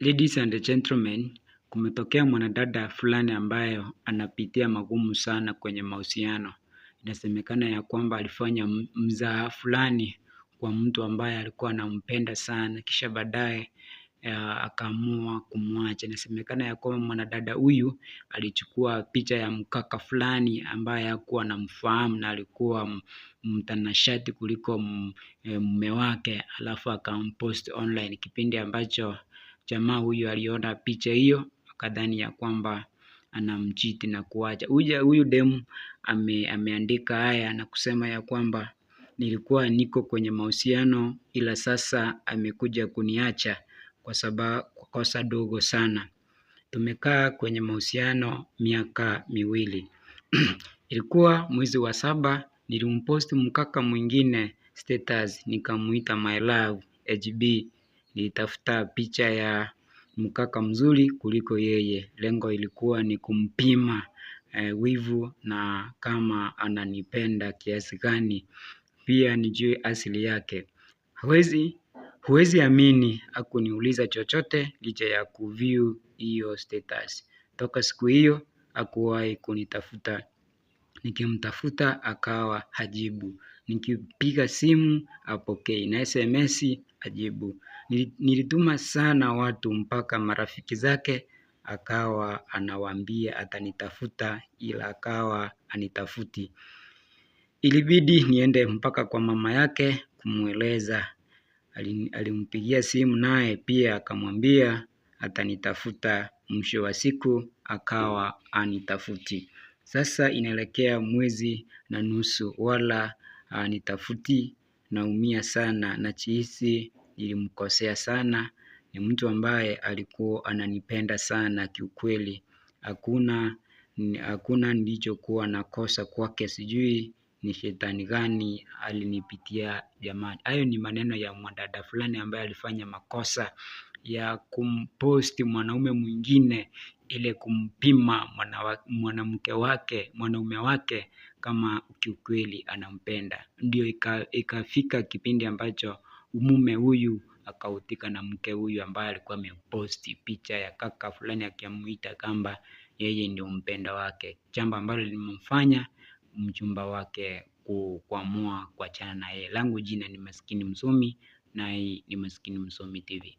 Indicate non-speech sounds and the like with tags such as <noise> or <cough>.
Ladies and gentlemen, kumetokea mwanadada fulani ambayo anapitia magumu sana kwenye mahusiano. Inasemekana ya kwamba alifanya mzaha fulani kwa mtu ambaye alikuwa anampenda sana, kisha baadaye uh, akaamua kumwacha. Inasemekana ya kwamba mwanadada huyu alichukua picha ya mkaka fulani ambaye hakuwa anamfahamu na alikuwa mtanashati kuliko eh, mume wake, alafu akampost online kipindi ambacho Jamaa huyu aliona picha hiyo akadhani ya kwamba anamchiti na kuacha. Huyu demu ame, ameandika haya na kusema ya kwamba nilikuwa niko kwenye mahusiano ila sasa amekuja kuniacha kwa sababu kwa kosa dogo sana. Tumekaa kwenye mahusiano miaka miwili. <clears throat> Ilikuwa mwezi wa saba nilimpost mkaka mwingine status nikamuita my love HB nilitafuta picha ya mkaka mzuri kuliko yeye. Lengo ilikuwa ni kumpima eh, wivu na kama ananipenda kiasi gani, pia nijue asili yake. Huwezi huwezi amini, hakuniuliza chochote licha ya kuview hiyo status. Toka siku hiyo hakuwahi kunitafuta. Nikimtafuta akawa hajibu. Nikipiga simu hapokei na SMS hajibu. Nilituma sana watu mpaka marafiki zake akawa anawaambia atanitafuta ila akawa anitafuti. Ilibidi niende mpaka kwa mama yake kumweleza. Alimpigia simu naye pia akamwambia atanitafuta. Mwisho wa siku akawa anitafuti. Sasa inaelekea mwezi na nusu, wala ah, nitafuti, naumia sana, najihisi nilimkosea sana. Ni mtu ambaye alikuwa ananipenda sana kiukweli, hakuna hakuna nilichokuwa nakosa kwake, sijui ni shetani gani alinipitia jamani. Hayo ni maneno ya mwadada fulani ambaye alifanya makosa ya kumposti mwanaume mwingine ile kumpima mwanamke wake mwanaume wake kama kiukweli anampenda. Ndio ikafika kipindi ambacho mume huyu akautika na mke huyu ambaye alikuwa ameposti picha ya kaka fulani akimuita kwamba yeye ndio mpenda wake, jambo ambalo limemfanya mchumba wake kuamua kuachana na yeye. Langu jina ni Maskini Msomi na hii ni Maskini Msomi TV.